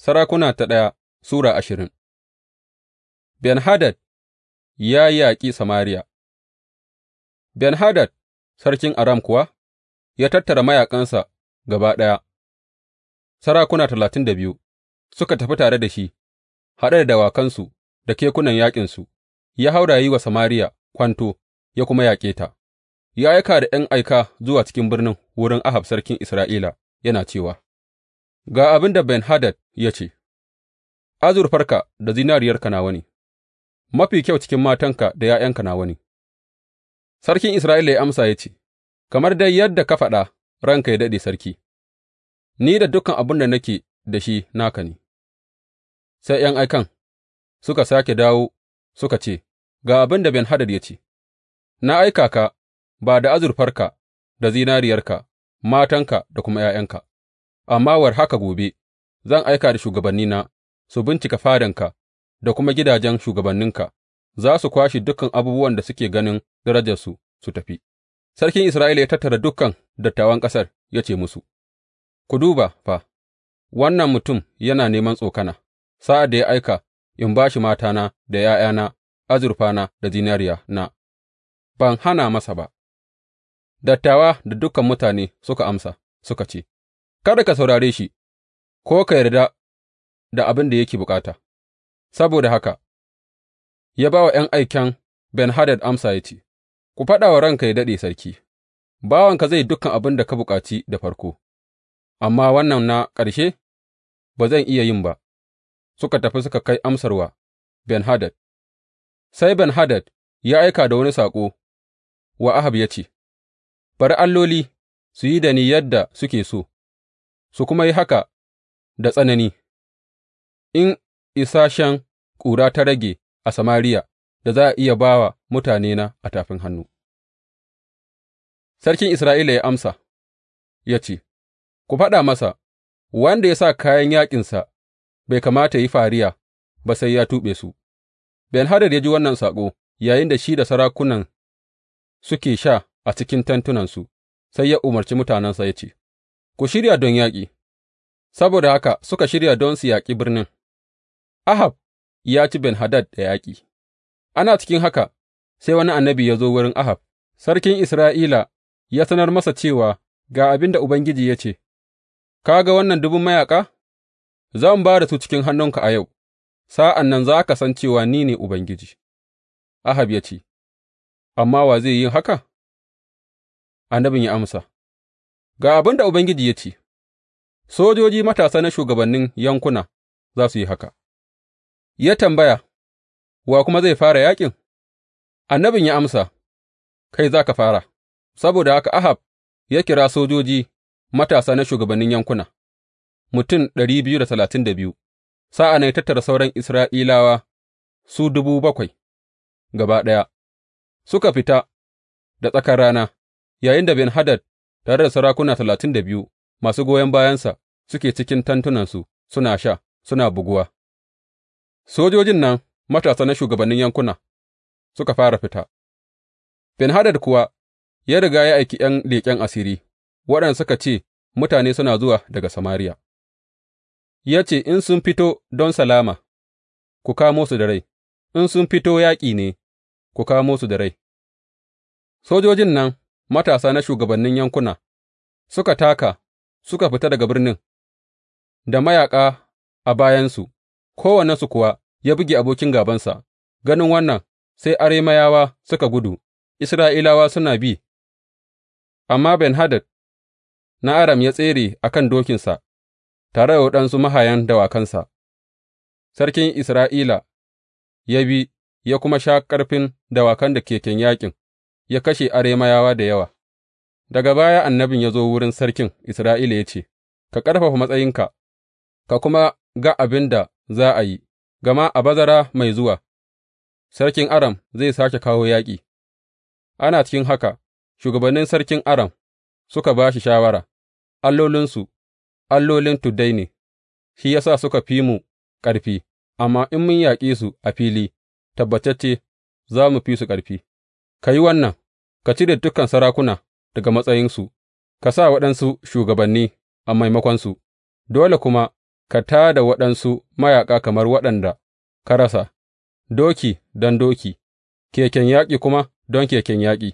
Sarakuna ta ɗaya Sura ashirin Ben Hadad ya yaƙi Samariya Ben Hadad sarkin Aram kuwa ya tattara mayaƙansa gaba ɗaya, sarakuna talatin da biyu suka tafi tare da shi, haɗe da dawakansu da kekunan yaƙinsu, ya haura yi wa Samariya kwanto ya kuma yaƙe ta, ya aika da ’yan aika zuwa cikin birnin wurin Ahab sarkin Isra'ila yana cewa. Ga abin da Ben Hadad ya ce, Azurfarka da zinariyarka nawa ne, mafi kyau cikin matanka da ’ya'yanka nawa ne. Sarkin Isra'ila ya amsa ya ce, Kamar dai yadda ka faɗa, ranka ya daɗe sarki, ni da dukan abin da nake da shi naka ne. Sai ’yan aikan suka sake dawo suka ce, Ga abin da Ben Hadad ya ce, Na aika ka ba da azurfarka da zinariyarka, matanka da kuma ’ya'yanka. amma war haka gobe zan aika da shugabannina su bincika fadanka da kuma gidajen shugabanninka, za su kwashe dukan abubuwan da suke ganin darajarsu su tafi. Sarkin Isra'ila ya tattara dukan dattawan ƙasar ya ce musu, Ku duba fa, wannan mutum yana neman tsokana, sa'ad da ya aika in ba shi matana da ’ya'yana, azurfana da zinariya na, ban hana masa ba. Dattawa da dukan mutane suka amsa, suka ce, kada ka saurare shi ko ka yarda da abin da yake bukata, saboda haka ya ba wa ’yan aiken Ben Hadad amsa ya ce, Ku faɗa wa ranka ya daɗe sarki, bawanka zai dukan abin da ka bukaci da farko, amma wannan na ƙarshe ba zan iya yin ba, suka tafi suka kai amsarwa wa Ben Hadad. Sai Ben Hadad ya aika da wani saƙo wa Ahab ya ce, Bari alloli su yi da ni yadda suke so, su kuma yi haka da tsanani, in isashen ƙura ta rage a Samariya da za a iya ba wa mutanena a tafin hannu. Sarkin Isra'ila ya amsa, ya ce, Ku faɗa masa, wanda ya sa kayan yaƙinsa bai kamata ya yi fariya ba sai ya tuɓe su. Ben hadar ya ji wannan saƙo yayin da shi da sarakunan suke sha a cikin tantunansu, sai ya umarci mutanensa ya ce, Ku shirya don yaƙi, saboda haka suka shirya don su yaƙi birnin, Ahab ya ci Ben Hadad da yaƙi, ana cikin haka sai wani annabi ya zo wurin Ahab, sarkin Isra'ila ya sanar masa cewa ga abin da Ubangiji ya ce, Ka ga wannan dubin mayaƙa? Zan ba da su cikin hannunka a yau, sa'an nan za ka san cewa ni ne Ubangiji. Ahab ya ce, Amma wa zai yi haka? Annabin ya amsa, Ga abin da Ubangiji ya ce, Sojoji matasa na shugabannin yankuna za su yi haka, ya tambaya, Wa kuma zai fara yaƙin? Annabin ya amsa, Kai za ka fara, saboda haka Ahab ya kira sojoji matasa na shugabannin yankuna, mutum ɗari biyu da talatin da biyu, sa'a na ya tattara sauran Isra'ilawa su dubu bakwai gaba ɗaya, suka fita da tsakar rana, yayin da Ben Hadad tare da sarakuna talatin da biyu masu goyon bayansa suke cikin tantunansu suna sha, suna buguwa, sojojin nan matasa na shugabannin yankuna suka fara fita, Ben Hadad kuwa ya riga ya aiki ’yan leƙen asiri waɗanda suka ce mutane suna zuwa daga Samariya, ya ce, In sun fito don salama, ku kamo su da rai, in sun fito yaƙi ne, ku kamo su da rai. Sojojin nan matasa na shugabannin yankuna suka taka suka fita daga birnin, da mayaƙa a bayansu, kowannensu kuwa ya buge abokin gābansa, ganin wannan sai Arameyawa suka gudu, Isra'ilawa suna bi, amma Ben Hadad na Aram ya tsere a kan dokinsa tare da waɗansu mahayan dawakansa, sarkin Isra'ila ya bi ya kuma sha ƙarfin dawakan da keken yaƙin. ya kashe Arameyawa da yawa. Daga baya annabin ya zo wurin sarkin Isra'ila ya ce, Ka ƙarfafa matsayinka, ka kuma ga abin da za a yi, gama a bazara mai zuwa, sarkin Aram zai sake kawo yaƙi. Ana cikin haka, shugabannin sarkin Aram suka ba shi shawara, allolinsu, allolin tuddai ne, shi ya sa suka fi mu ƙarfi, amma in mun yaƙe su a fili, tabbatacce za mu fi su ƙarfi, ka yi wannan. Ka cire dukan sarakuna daga matsayinsu ka sa waɗansu shugabanni a maimakonsu, dole kuma ka tā da waɗansu mayaƙa kamar waɗanda ka rasa, doki don doki, keken yaƙi kuma don keken yaƙi,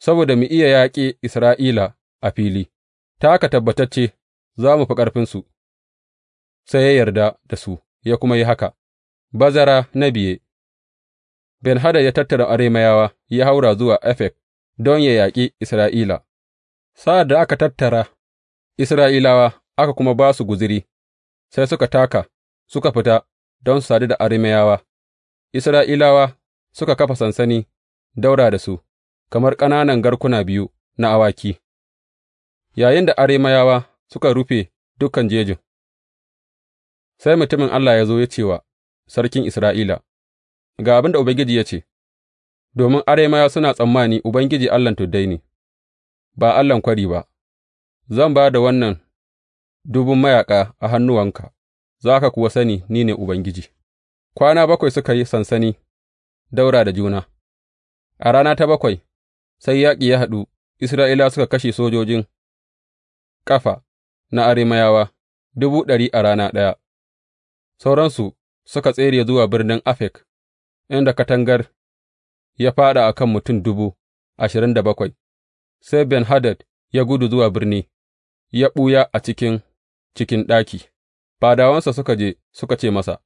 saboda mu iya yaƙe Isra'ila a fili, ta haka tabbatacce za mu fi ƙarfinsu. Sai ya yarda da su, ya kuma yi haka. Bazara na biye Ben Hadad ya tattara Arameyawa ya haura zuwa Afek. don yă yaƙi Isra'ila, sa'ad da aka tattara Isra'ilawa aka kuma ba su guziri, sai suka taka suka fita don su sadu da Arameyawa, Isra'ilawa suka kafa sansani daura da su, kamar ƙananan garkuna biyu na awaki, yayin da Arameyawa suka rufe dukan jejin, sai mutumin Allah ya zo ya ce wa sarkin Isra'ila, Ga abin da Ubangiji ya ce. domin Arameyawa suna tsammani Ubangiji Allahn tuddai ne, ba Allahn kwari ba, zan ba da wannan dubun mayaƙa a hannuwanka, za ka kuwa sani ni ne Ubangiji. Kwana bakwai suka yi sansani daura da juna, a rana ta bakwai sai yaƙi ya haɗu, Isra'ila suka kashe sojojin ƙafa na Arameyawa dubu ɗari a rana ɗaya, sauransu suka tsere zuwa birnin Afek, inda katangar ya fāɗa a kan mutum dubu ashirin da bakwai, sai Ben Hadad ya gudu zuwa birni, ya ɓuya a cikin cikin ɗaki, fadawansa suka je suka ce masa,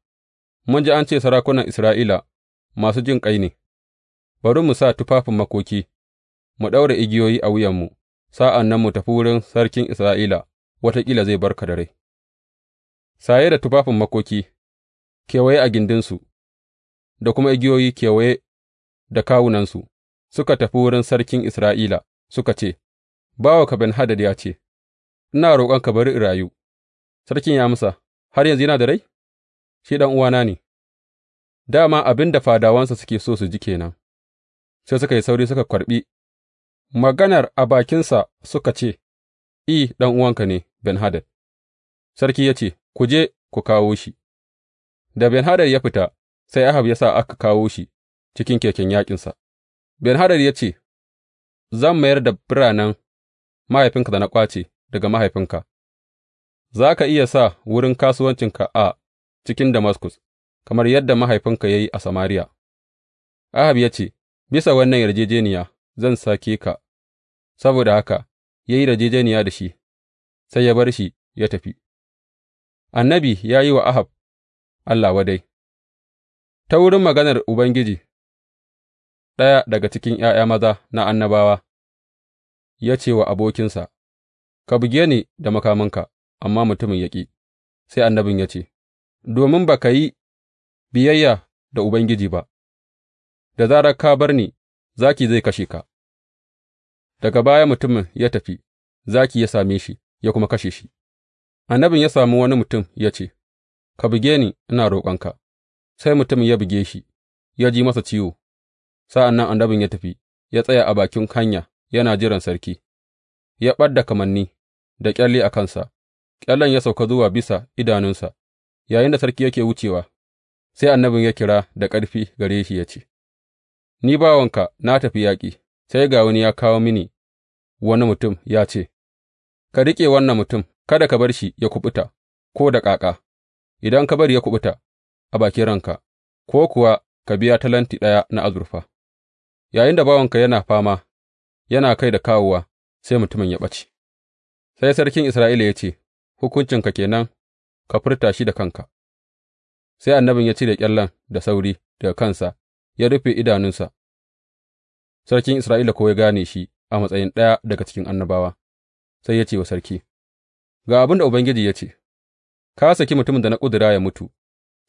Mun ji an ce sarakunan Isra'ila masu jin ƙai ne, bari mu sa tufafin makoki, mu ɗaura igiyoyi a wuyanmu, sa'an nan mu tafi wurin sarkin Isra'ila, wataƙila zai barka da rai. Saye da tufafin makoki, kewaye a gindinsu, da kuma igiyoyi kewaye da kawunansu, suka tafi wurin sarkin Isra'ila suka ce, Bawanka Ben Hadad ya ce, Ina roƙonka bari in rayu, sarkin ya amsa, Har yanzu yana da rai? Shi ɗan uwana ne, dama abin da fadawansa suke so su ji kenan. Sai suka yi sauri suka karɓi maganar a bakinsa suka ce, I, ɗan uwanka ne, Ben Hadad. Sarki ya ce, Ku je ku kawo shi. Da Ben Hadad ya fita, sai Ahab ya sa aka kawo shi cikin keken yaƙinsa, Ben Hadad ya ce, Zan mayar da biranen mahaifinka da na ƙwace daga mahaifinka, za ka iya sa wurin kasuwancinka a cikin Damaskus, kamar yadda mahaifinka ya yi a Samariya. Ahab ya ce, Bisa wannan yarjejeniya zan sake ka, saboda haka ya yi yarjejeniya da shi, sai ya bar shi ya tafi. Annabi ya yi wa Ahab Allah wadai Ta wurin maganar Ubangiji ɗaya daga cikin ’ya'ya maza na annabawa, ya ce wa abokinsa, Ka buge ni da makamanka, amma mutumin ya ƙi, sai annabin ya ce, Domin ba ka yi biyayya da Ubangiji ba, da zarar ka bar ni, zaki zai kashe ka. Daga baya mutumin ya tafi, zaki ya same shi, ya kuma kashe shi. Annabin ya sami wani mutum ya ce, Ka buge ni, ina roƙonka, sai mutumin ya buge shi, ya ji masa ciwo, Sa'an nan annabin ya tafi, ya tsaya a bakin hanya yana jiran sarki, ya ɓad da kamanni da ƙyalle a kansa, ƙyallen ya sauka zuwa bisa idanunsa, yayin da sarki yake wucewa, sai annabin ya kira da ƙarfi gare shi ya ce, Ni bawanka na tafi yaƙi, sai ga wani ya kawo mini wani mutum ya ce, Ka riƙe wannan mutum, kada ka bar shi ya kuɓuta, ko da ƙaƙa, idan ka bari ya kuɓuta a bakin ranka, ko kuwa ka biya talenti ɗaya na azurfa. Yayinda bawanka yana fama, yana kai da kawowa, sai mutumin ya ɓace, sai sarkin Isra'ila ya ce, Hukuncinka ke nan, ka furta shi da kanka, sai annabin ya cire ƙyallen da sauri daga kansa ya rufe idanunsa, sarkin Isra'ila kuwa ya gane shi a matsayin ɗaya daga cikin annabawa, sai ya ce wa sarki, Ga abin da Ubangiji ya ce, Ka saki mutumin da na ƙudura ya mutu,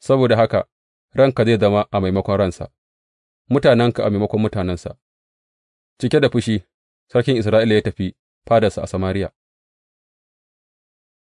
saboda haka ranka zai zama a maimakon ransa. mutanenka a maimakon mutanensa Cike da fushi, sarkin Isra'ila ya tafi fadarsa a Samariya.